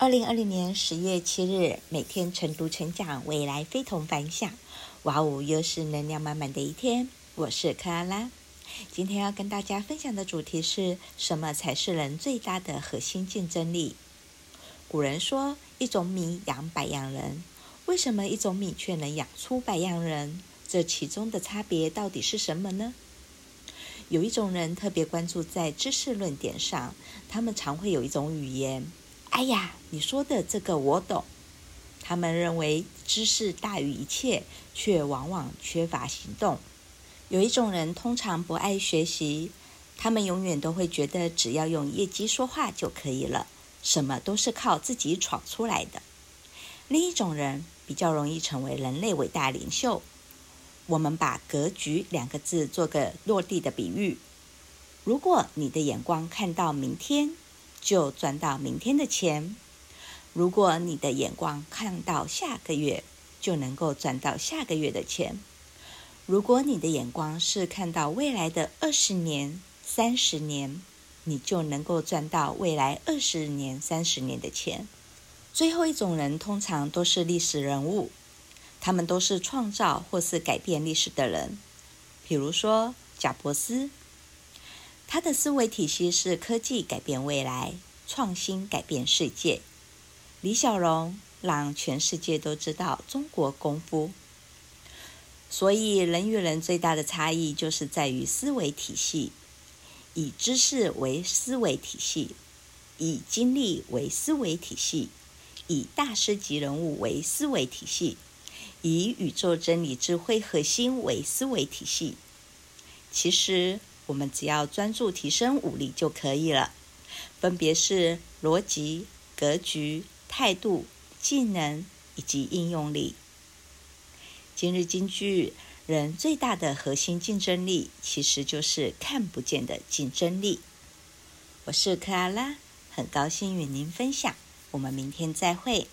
二零二零年十月七日，每天晨讀成長，未來非同凡響。哇哦，又是能量滿滿的一天！我是克拉拉，今天要跟大家分享的主題是什麼才是人最大的核心競爭力？古人說：“一種米養百樣人。”為什麼一種米卻能養出百樣人？這其中的差別到底是什麼呢？有一種人特別關注在知識論點上，他們常會有一種語言。哎呀，你說的這個我懂。他們認為知識大於一切，卻往往缺乏行動。有一種人通常不愛學習，他們永遠都會覺得只要用業績說話就可以了，什麼都是靠自己闖出來的。另一種人比較容易成為人類偉大領袖。我們把“格局”兩個字做個落地的比喻：如果你的眼光看到明天。就賺到明天的錢。如果你的眼光看到下個月，就能夠賺到下個月的錢。如果你的眼光是看到未來的二十年、三十年，你就能夠賺到未來二十年、三十年的錢。最後一種人通常都是歷史人物，他們都是創造或是改變歷史的人，比如說賈伯斯。他的思維體系是科技改變未來，創新改變世界。李小龍讓全世界都知道中國功夫。所以，人與人最大的差異就是在於思維體系：以知識為思維體系，以經歷為思維體系，以大師級人物為思維體系，以宇宙真理智慧核心為思維體系。其實，我們只要專注提升五力就可以了，分別是邏輯、格局、態度、技能以及應用力。今日金句：人最大的核心競爭力，其實就是看不見的競爭力。我是克拉拉，很高興與您分享。我們明天再會。